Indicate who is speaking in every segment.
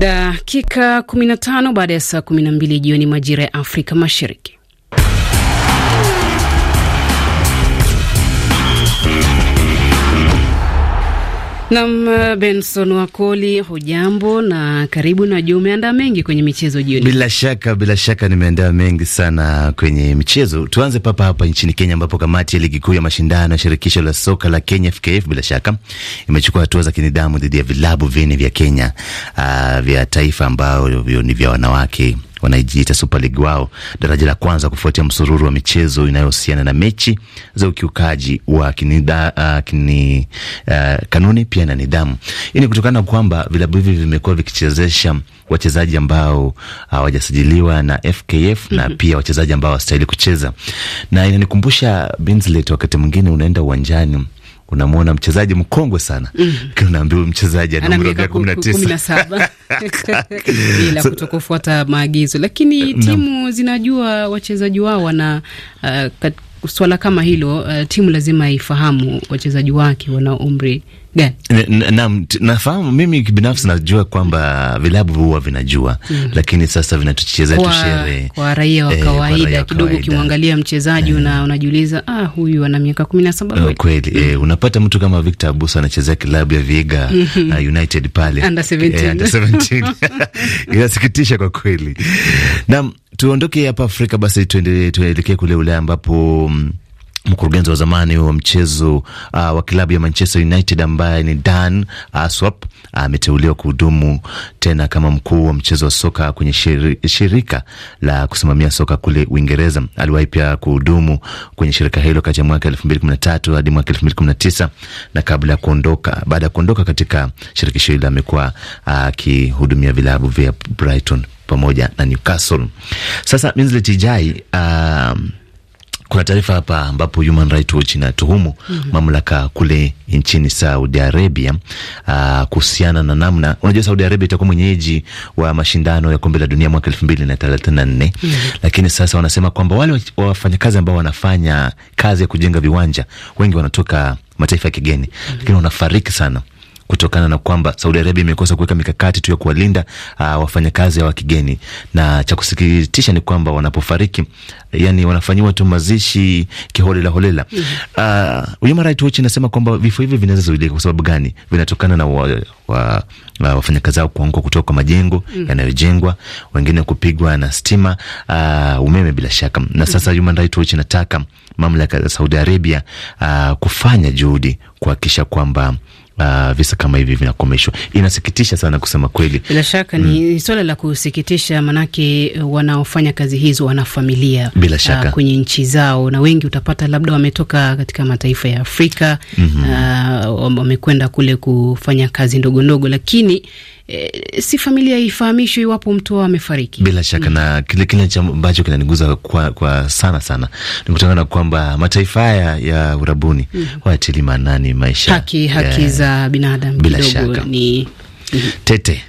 Speaker 1: Dakika 15 baada ya saa 12 jioni majira ya Afrika Mashariki. Nam eh, Benson Wakoli, hujambo na karibu. Najua umeandaa mengi kwenye michezo jioni.
Speaker 2: Bila shaka, bila shaka nimeandaa mengi sana kwenye michezo. Tuanze papa hapa nchini Kenya, ambapo kamati ya ligi kuu ya mashindano ya shirikisho la soka la Kenya FKF bila shaka imechukua hatua za kinidhamu dhidi ya vilabu vinne vya Kenya uh, vya taifa ambayo ni vya wanawake wanaijiita Super League wao daraja la kwanza kufuatia msururu wa michezo inayohusiana na mechi za ukiukaji wa kinida, uh, kini, uh, kanuni pia na nidhamu. Hii ni kutokana na kwamba vilabu hivi vimekuwa vikichezesha wachezaji ambao hawajasajiliwa uh, na FKF na mm -hmm. pia wachezaji ambao hawastahili kucheza, na inanikumbusha Binslet, wakati mwingine unaenda uwanjani unamwona mchezaji mkongwe sana mm. Unaambiwa mchezaji ana umri wa miaka kumi na tisa
Speaker 1: bila kutokufuata maagizo, lakini timu zinajua wachezaji wao wana uh, swala kama hilo uh, timu lazima ifahamu wachezaji wake wana umri
Speaker 2: gani? Naam, nafahamu mimi binafsi najua kwamba vilabu huwa vinajua mm, lakini sasa vinatuchezea tushere kwa raia wa eh, kawaida kidogo.
Speaker 1: Ukimwangalia mchezaji una, eh. unajiuliza ah, huyu ana miaka kumi na saba
Speaker 2: kweli? Eh, mm. Eh, unapata mtu kama Victor Abuso anachezea kilabu ya Viga mm -hmm. uh, United pale under 17 under 17 inasikitisha kwa kweli. Naam, tuondoke hapa Afrika basi tuendelee tuelekee kule Ulaya ambapo mm, mkurugenzi wa zamani wa mchezo uh, wa klabu ya Manchester United ambaye ni Dan Aswap ah, ameteuliwa uh, kuhudumu tena kama mkuu wa mchezo wa soka kwenye shiri, shirika la kusimamia soka kule Uingereza. Aliwahi pia kuhudumu kwenye shirika hilo kati ya mwaka elfu mbili kumi na tatu hadi mwaka elfu mbili kumi na tisa na kabla ya kuondoka, baada ya kuondoka katika shirikisho hilo amekuwa akihudumia uh, vilabu vya Brighton pamoja na Newcastle. Sasa Minzlet uh, kuna taarifa hapa ambapo Human Rights Watch inatuhumu mm -hmm. mamlaka kule nchini Saudi Arabia ah, kuhusiana na namna, unajua Saudi Arabia itakuwa mwenyeji wa mashindano ya kombe la dunia mwaka elfu mbili na thelathini na nne mm -hmm. lakini sasa wanasema kwamba wale wafanyakazi ambao wanafanya kazi ya kujenga viwanja wengi wanatoka mataifa ya kigeni mm -hmm. lakini wanafariki sana kutokana na kwamba Saudi Arabia imekosa kuweka mikakati tu ya kuwalinda uh, wafanyakazi wa kigeni, na cha kusikitisha ni kwamba wanapofariki, yani wanafanyiwa tu mazishi kiholela holela. mm Uh, Human Rights Watch inasema kwamba vifo hivi vinaweza zuilika. Kwa sababu gani? Vinatokana na wa, wa, wa wafanyakazi hao kuanguka kutoka kwa majengo mm yanayojengwa, wengine kupigwa na stima, uh, umeme bila shaka. Na mm-hmm. sasa mm -hmm. Human Rights Watch inataka mamlaka za Saudi Arabia uh, kufanya juhudi kuhakikisha kwamba uh, visa kama hivi vinakomeshwa. Inasikitisha sana kusema kweli, bila
Speaker 1: shaka mm. Ni swala la kusikitisha, manake wanaofanya kazi hizo wana familia bila ah, shaka uh, kwenye nchi zao, na wengi utapata labda wametoka katika mataifa ya Afrika mm -hmm. uh, wamekwenda kule kufanya kazi ndogo ndogo, lakini e, si familia ifahamishwe iwapo mtu wao amefariki.
Speaker 2: Bila shaka mm. na kile kile ambacho kinaniguza kwa, kwa sana sana ni kutokana na kwamba mataifa haya ya urabuni mm. wayatili maanani maisha haki, haki za
Speaker 1: binadamu kidogo
Speaker 2: ni mm. tete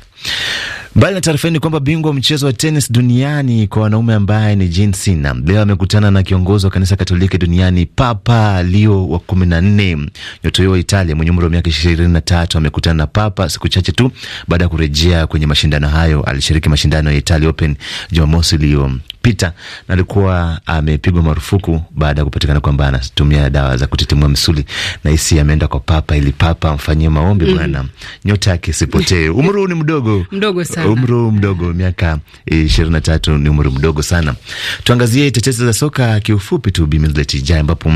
Speaker 2: Mbali na taarifa hii ni kwamba bingwa wa mchezo wa tenis duniani kwa wanaume ambaye ni Jean Sina leo amekutana na kiongozi wa kanisa Katoliki duniani Papa Leo wa kumi na nne. Nyota huyo wa Italia mwenye umri wa miaka ishirini na tatu amekutana na Papa siku chache tu baada ya kurejea kwenye mashindano hayo. Alishiriki mashindano ya Italia Open Jumamosi iliyo iliyopita na alikuwa amepigwa marufuku baada ya kupatikana kwamba anatumia dawa za kutitimua misuli, na hisi ameenda kwa papa ili papa amfanyie maombi mm. Bwana nyota yake sipotee Umri ni mdogo mdogo sana, umri mdogo, miaka ishirini na tatu ni umri mdogo sana. Tuangazie tetesi za soka kiufupi tu, Bimizleti Jai, ambapo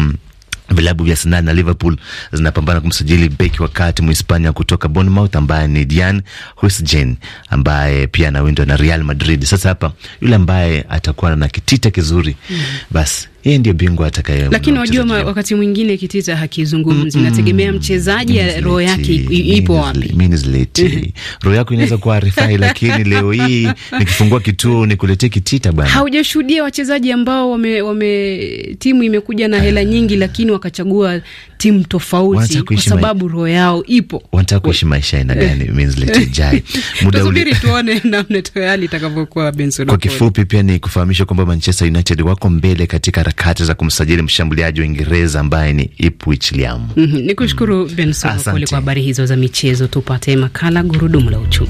Speaker 2: Vilabu vya Arsenal na Liverpool zinapambana kumsajili beki wa kati Muhispania kutoka Bournemouth ambaye ni Dian Huijsen ambaye pia anawindwa na Real Madrid. Sasa hapa yule ambaye atakuwa na kitita kizuri mm, basi yeye ndio bingwa atakaye. Lakini
Speaker 1: wajua, wakati mwingine kitita hakizungumzi, nategemea mchezaji roho yake ipo wapi.
Speaker 2: Mimi roho yako inaweza kuwa rifai, lakini leo hii nikifungua kituo nikuletee kitita bwana.
Speaker 1: Haujashuhudia wachezaji ambao wame, wame timu imekuja na eh. hela nyingi, lakini wakachagua timu tofauti kwa sababu roho yao ipo.
Speaker 2: Wanataka kuishi maisha aina gani? Eh. Tusubiri
Speaker 1: tuone namna tayari itakavyokuwa. Benson, kwa kifupi
Speaker 2: pia ni kufahamisha kwamba Manchester United wako mbele katika harakati za kumsajili mshambuliaji wa Uingereza ambaye ni Ipswich Liam.
Speaker 1: Mhm, ni kushukuru Benson kwa habari hizo za michezo. Tupate makala gurudumu la uchumi.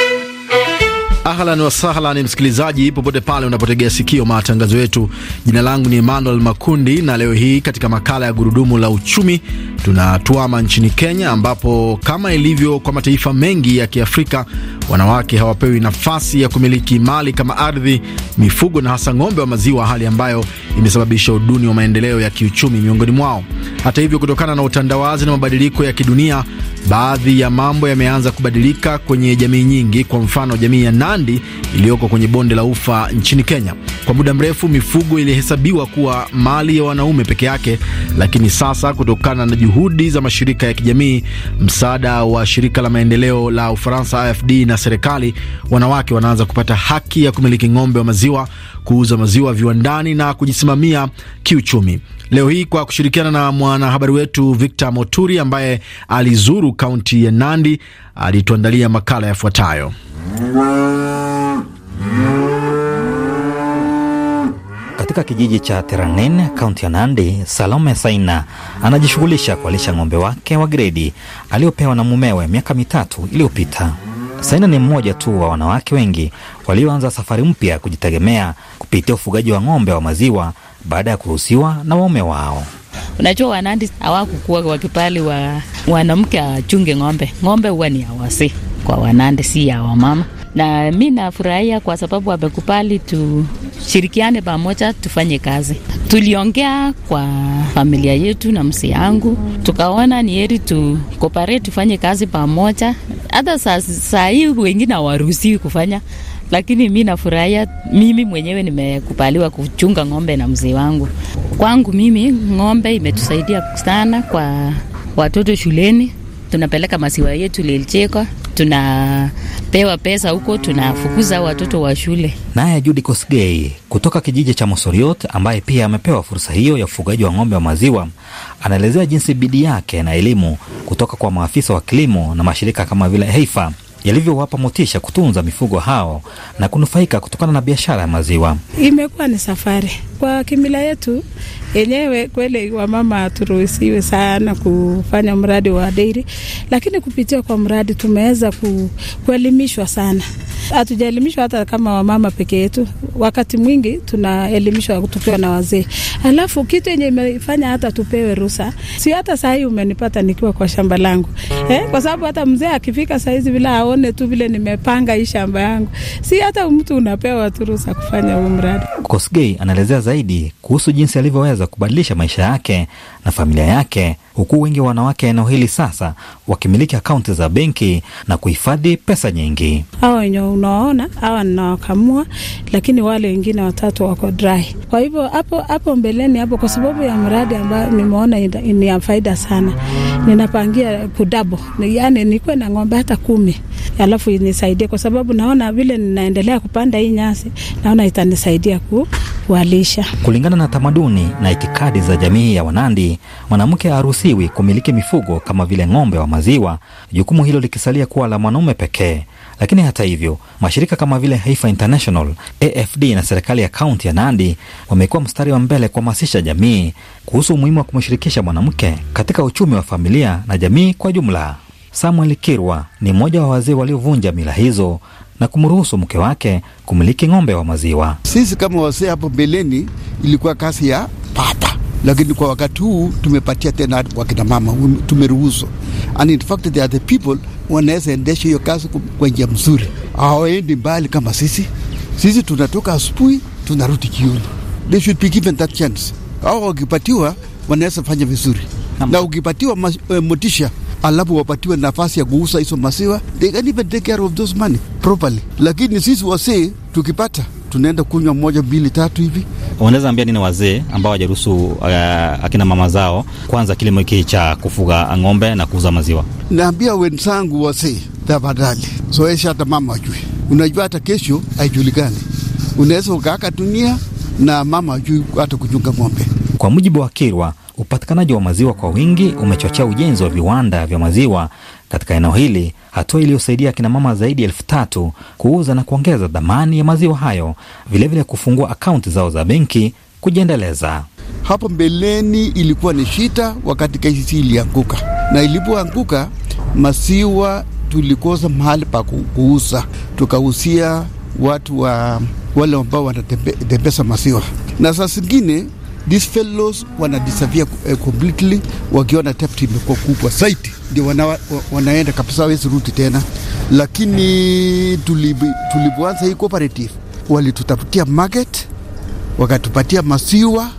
Speaker 3: Ahlan wasahlan, msikilizaji popote pale unapotegea sikio matangazo yetu. Jina langu ni Emmanuel Makundi, na leo hii katika makala ya gurudumu la uchumi tunatuama nchini Kenya, ambapo kama ilivyo kwa mataifa mengi ya Kiafrika, wanawake hawapewi nafasi ya kumiliki mali kama ardhi, mifugo na hasa ng'ombe wa maziwa, hali ambayo imesababisha uduni wa maendeleo ya kiuchumi miongoni mwao. Hata hivyo, kutokana na utandawazi na mabadiliko ya kidunia, baadhi ya mambo yameanza kubadilika kwenye jamii nyingi. Kwa mfano, jamii ya Nandi iliyoko kwenye bonde la Ufa nchini Kenya. Kwa muda mrefu mifugo ilihesabiwa kuwa mali ya wanaume peke yake, lakini sasa kutokana na juhudi za mashirika ya kijamii, msaada wa shirika la maendeleo la Ufaransa AFD na serikali, wanawake wanaanza kupata haki ya kumiliki ng'ombe wa maziwa, kuuza maziwa viwandani na kujisimamia kiuchumi. Leo hii kwa kushirikiana na mwanahabari wetu Victor Moturi ambaye alizuru kaunti ya Nandi alituandalia makala yafuatayo.
Speaker 4: Katika kijiji cha Teranen, kaunti ya Nandi, Salome Saina anajishughulisha kualisha ng'ombe wake wa gredi aliopewa na mumewe miaka mitatu iliyopita. Saina ni mmoja tu wa wanawake wengi walioanza safari mpya kujitegemea kupitia ufugaji wa ng'ombe wa maziwa baada ya kuruhusiwa na waume wao.
Speaker 5: Unajua, Wanandi hawakukua wakipali wa wanamke achunge ng'ombe. Ng'ombe huwa ni awasi kwa Wanande, si ya wamama. Na mi nafurahia kwa sababu wamekubali tushirikiane pamoja, tufanye kazi. Tuliongea kwa familia yetu na msi yangu, tukaona ni heri tukopare, tufanye kazi pamoja. Hata saa sa hii wengine hawaruhusiwi kufanya lakini mi nafurahia, mimi mwenyewe nimekubaliwa kuchunga ng'ombe na mzee wangu. Kwangu mimi ng'ombe imetusaidia sana, kwa watoto shuleni tunapeleka maziwa yetu Lelcheka, tunapewa pesa huko, tunafukuza watoto wa shule.
Speaker 4: Naye Judi Kosgei kutoka kijiji cha Mosoriot, ambaye pia amepewa fursa hiyo ya ufugaji wa ng'ombe wa maziwa, anaelezea jinsi bidii yake na elimu kutoka kwa maafisa wa kilimo na mashirika kama vile Heifa yalivyowapa motisha kutunza mifugo hao na kunufaika kutokana na biashara ya maziwa.
Speaker 6: Imekuwa ni safari kwa kimila yetu yenyewe. Kweli wamama haturuhusiwi sana kufanya mradi wa deiri, lakini kupitia kwa mradi tumeweza ku, kuelimishwa sana. Hatujaelimishwa hata kama wamama peke yetu, wakati mwingi tunaelimishwa tukiwa na wazee. Alafu kitu yenye imefanya hata tupewe ruhusa, si hata sahii umenipata nikiwa kwa shamba langu eh, kwa sababu hata mzee akifika sahizi bila aone tu vile nimepanga hii shamba yangu. Si hata mtu unapewa tu ruhusa kufanya huu mradi.
Speaker 4: Kosgei anaelezea zaidi kuhusu jinsi alivyoweza kubadilisha maisha yake na familia yake, huku wengi wanawake eneo hili sasa wakimiliki akaunti za benki na kuhifadhi pesa nyingi.
Speaker 6: Hawa wenye unaona hawa ninawakamua, lakini wale wengine watatu wako dry. Kwa hivyo hapo hapo mbeleni hapo, kwa sababu ya mradi ambayo nimeona ni ya faida sana, ninapangia kudabo, yaani nikuwe na ng'ombe hata kumi alafu inisaidie, kwa sababu naona vile ninaendelea kupanda hii nyasi, naona itanisaidia kuwalisha.
Speaker 4: Kulingana na tamaduni na itikadi za jamii ya Wanandi, mwanamke haruhusiwi kumiliki mifugo kama vile ng'ombe wa maziwa, jukumu hilo likisalia kuwa la mwanaume pekee. Lakini hata hivyo mashirika kama vile Haifa International, AFD na serikali ya kaunti ya Nandi wamekuwa mstari wa mbele kuhamasisha jamii kuhusu umuhimu wa kumshirikisha mwanamke katika uchumi wa familia na jamii kwa jumla. Samuel Kirwa ni mmoja wa wazee waliovunja mila hizo na kumruhusu mke wake kumiliki ng'ombe wa maziwa.
Speaker 7: Sisi kama wazee hapo mbeleni ilikuwa kazi ya papa, lakini kwa wakati huu tumepatia tena wakina mama, tumeruhusu and in fact they are the people wanaweza endesha hiyo kazi kwa njia mzuri, hawaendi mbali kama sisi. Sisi tunatoka asubuhi tunarudi jioni. They should be given that chance. wakipatiwa wanaweza fanya vizuri, na ukipatiwa eh, motisha alafu wapatiwe nafasi ya kuuza hizo maziwa, they can even take care of those money properly. Lakini sisi wasee tukipata tunaenda kunywa moja mbili tatu hivi.
Speaker 4: Unaweza ambia nini wazee ambao wajaruhusu uh, akina mama zao kwanza kilimo hiki cha kufuga ng'ombe na kuuza maziwa?
Speaker 7: Naambia wenzangu wazee, tafadhali zoesha hata mama ajue. Unajua hata kesho haijulikani, unaweza ukaaka dunia na mama ajui hata kuchunga ng'ombe.
Speaker 4: Kwa mujibu wa Kirwa, Upatikanaji wa maziwa kwa wingi umechochea ujenzi wa viwanda vya maziwa katika eneo hili, hatua iliyosaidia akina mama zaidi ya elfu tatu kuuza na kuongeza dhamani ya maziwa hayo, vilevile vile kufungua akaunti
Speaker 7: zao za benki kujiendeleza. Hapo mbeleni ilikuwa ni shita wakati KCC ilianguka, na ilipoanguka maziwa tulikosa mahali pa kuuza, tukahusia watu wa wale ambao wanatembeza maziwa, na saa zingine These fellows wanadisavia eh, completely, wakiona theft imekuwa kubwa site ndio wana, wanaenda kabisa, wezi rudi tena. Lakini tulipoanza hii cooperative, walitutafutia market, wakatupatia maziwa,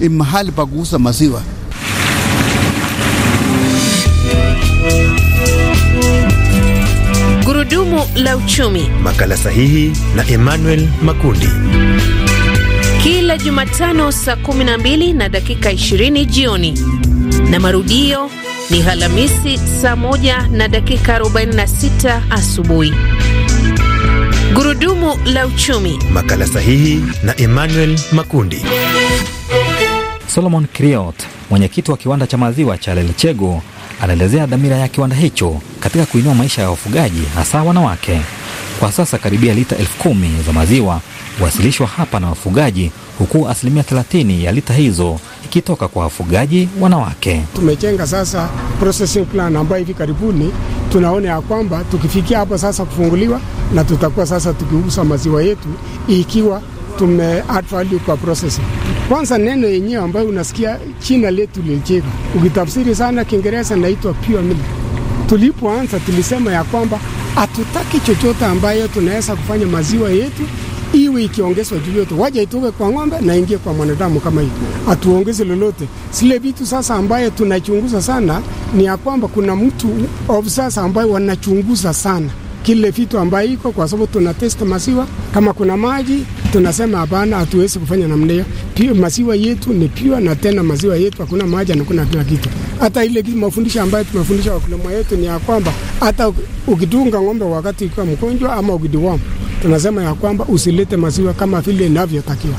Speaker 7: eh, mahali pa kuuza maziwa.
Speaker 1: Gurudumu la uchumi,
Speaker 2: makala sahihi na Emmanuel Makundi
Speaker 1: kila Jumatano saa 12 na dakika 20 jioni na marudio ni Alhamisi saa 1 na dakika 46 asubuhi. Gurudumu la uchumi,
Speaker 4: makala sahihi na Emmanuel Makundi. Solomon Kriot, mwenyekiti wa kiwanda cha maziwa cha Lelechego, anaelezea dhamira ya kiwanda hicho katika kuinua maisha ya wafugaji, hasa wanawake. Kwa sasa karibia lita elfu kumi za maziwa huwasilishwa hapa na wafugaji, huku asilimia 30 ya lita hizo ikitoka kwa wafugaji wanawake.
Speaker 8: Tumejenga sasa processing plan ambayo hivi karibuni tunaona ya kwamba tukifikia hapa sasa kufunguliwa na tutakuwa sasa tukiuza maziwa yetu ikiwa tume add value kwa processing. Kwanza neno yenyewe ambayo unasikia china letu lilijega, ukitafsiri sana Kiingereza naitwa pure milk. Tulipoanza tulisema ya kwamba hatutaki chochote ambayo tunaweza kufanya maziwa yetu iwe ikiongezwa juu yote, waje itoke kwa ng'ombe na ingie kwa mwanadamu kama hivi, atuongeze lolote sile vitu. Sasa ambaye tunachunguza sana ni ya kwamba kuna mtu of sasa ambaye wanachunguza sana kile vitu ambayo iko, kwa sababu tuna test masiwa kama kuna maji tunasema hapana, hatuwezi kufanya namna hiyo. Pia maziwa yetu ni pia na tena maziwa yetu hakuna maji na kuna kila kitu. Hata ile mafundisho ambayo tumefundisha wakulima wetu ni ya kwamba hata ukidunga ng'ombe wakati ikiwa mgonjwa ama ukidiwama tunasema ya kwamba usilete maziwa kama vile inavyotakiwa.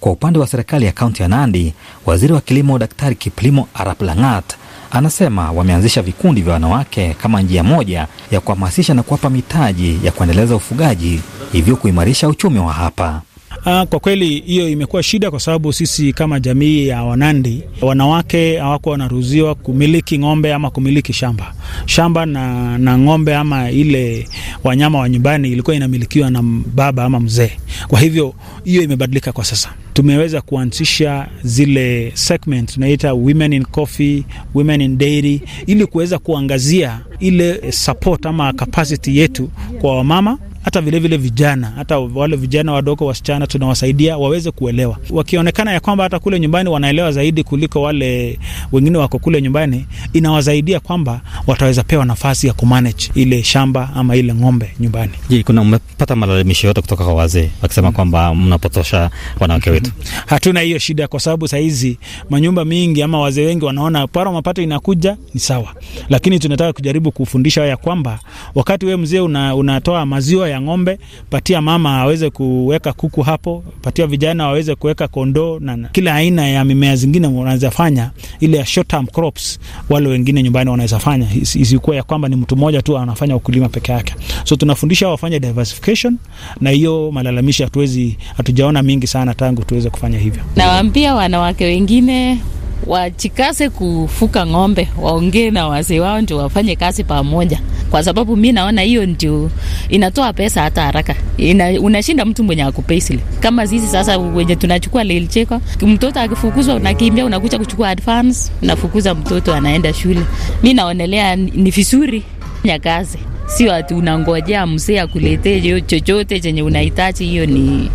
Speaker 4: Kwa upande wa serikali ya kaunti ya Nandi, waziri wa kilimo Daktari Kiplimo Arap Langat anasema wameanzisha vikundi vya wanawake kama njia moja ya kuhamasisha na kuwapa mitaji ya kuendeleza ufugaji, hivyo kuimarisha uchumi wa hapa.
Speaker 9: Ah, kwa kweli hiyo imekuwa shida kwa sababu sisi kama jamii ya Wanandi wanawake hawako wanaruhusiwa kumiliki ng'ombe ama kumiliki shamba. Shamba na, na ng'ombe ama ile wanyama wa nyumbani ilikuwa inamilikiwa na baba ama mzee. Kwa hivyo hiyo imebadilika kwa sasa. Tumeweza kuanzisha zile segment tunaita women in coffee, women in dairy ili kuweza kuangazia ile support ama capacity yetu kwa wamama hata vilevile vile vijana, hata wale vijana wadogo, wasichana tunawasaidia waweze kuelewa, wakionekana ya kwamba hata kule nyumbani wanaelewa zaidi kuliko wale wengine wako kule nyumbani, inawasaidia kwamba wataweza pewa nafasi ya kumanage ile shamba ama ile ng'ombe nyumbani.
Speaker 4: Je, kuna umepata malalamisho yote kutoka kwa wazee wakisema mm, kwamba mnapotosha wanawake wetu?
Speaker 9: Hatuna hiyo shida, kwa sababu sahizi manyumba mingi ama wazee wengi wanaona para mapato inakuja ni sawa, lakini tunataka kujaribu kufundisha ya kwamba wakati we mzee una, unatoa maziwa ya ng'ombe, patia mama aweze kuweka kuku hapo, patia vijana waweze kuweka kondoo na kila aina ya mimea zingine unaweza fanya ile ya short term crops, wale wengine nyumbani wanaweza fanya, isikuwa ya kwamba ni mtu mmoja tu anafanya ukulima peke yake. So tunafundisha wafanye diversification, na hiyo malalamishi hatuwezi, hatujaona mingi sana tangu tuweze kufanya hivyo.
Speaker 5: Nawaambia wanawake wengine wachikase kufuka ng'ombe, waongee na wazee wao ndio wafanye kazi pamoja, kwa sababu mi naona hiyo ndio inatoa pesa hata haraka. Ina, unashinda mtu mwenye akupesile kama sisi sasa wenye tunachukua lilicheko. Mtoto akifukuzwa unakimbia unakuja kuchukua advance, unafukuza mtoto anaenda shule. Mi naonelea ni vizuri fanya kazi, sio ati unangojea mzee akuletee chochote chenye unahitaji. Hiyo ni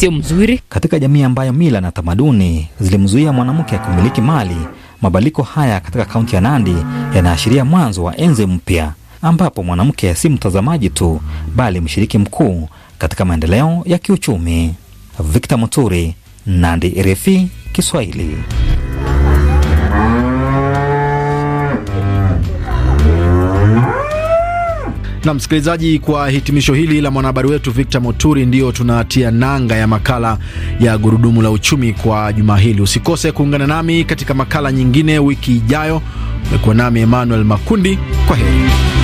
Speaker 5: sio mzuri. Katika jamii
Speaker 4: ambayo mila na tamaduni zilimzuia mwanamke akumiliki mali, mabadiliko haya katika kaunti ya Nandi yanaashiria mwanzo wa enzi mpya ambapo mwanamke si mtazamaji tu bali mshiriki mkuu katika maendeleo ya kiuchumi. Victor Muturi, Nandi, RFI Kiswahili.
Speaker 3: Na msikilizaji, kwa hitimisho hili la mwanahabari wetu Victor Moturi, ndiyo tunatia nanga ya makala ya gurudumu la uchumi kwa juma hili. Usikose kuungana nami katika makala nyingine wiki ijayo. Umekuwa nami Emmanuel Makundi, kwa heri.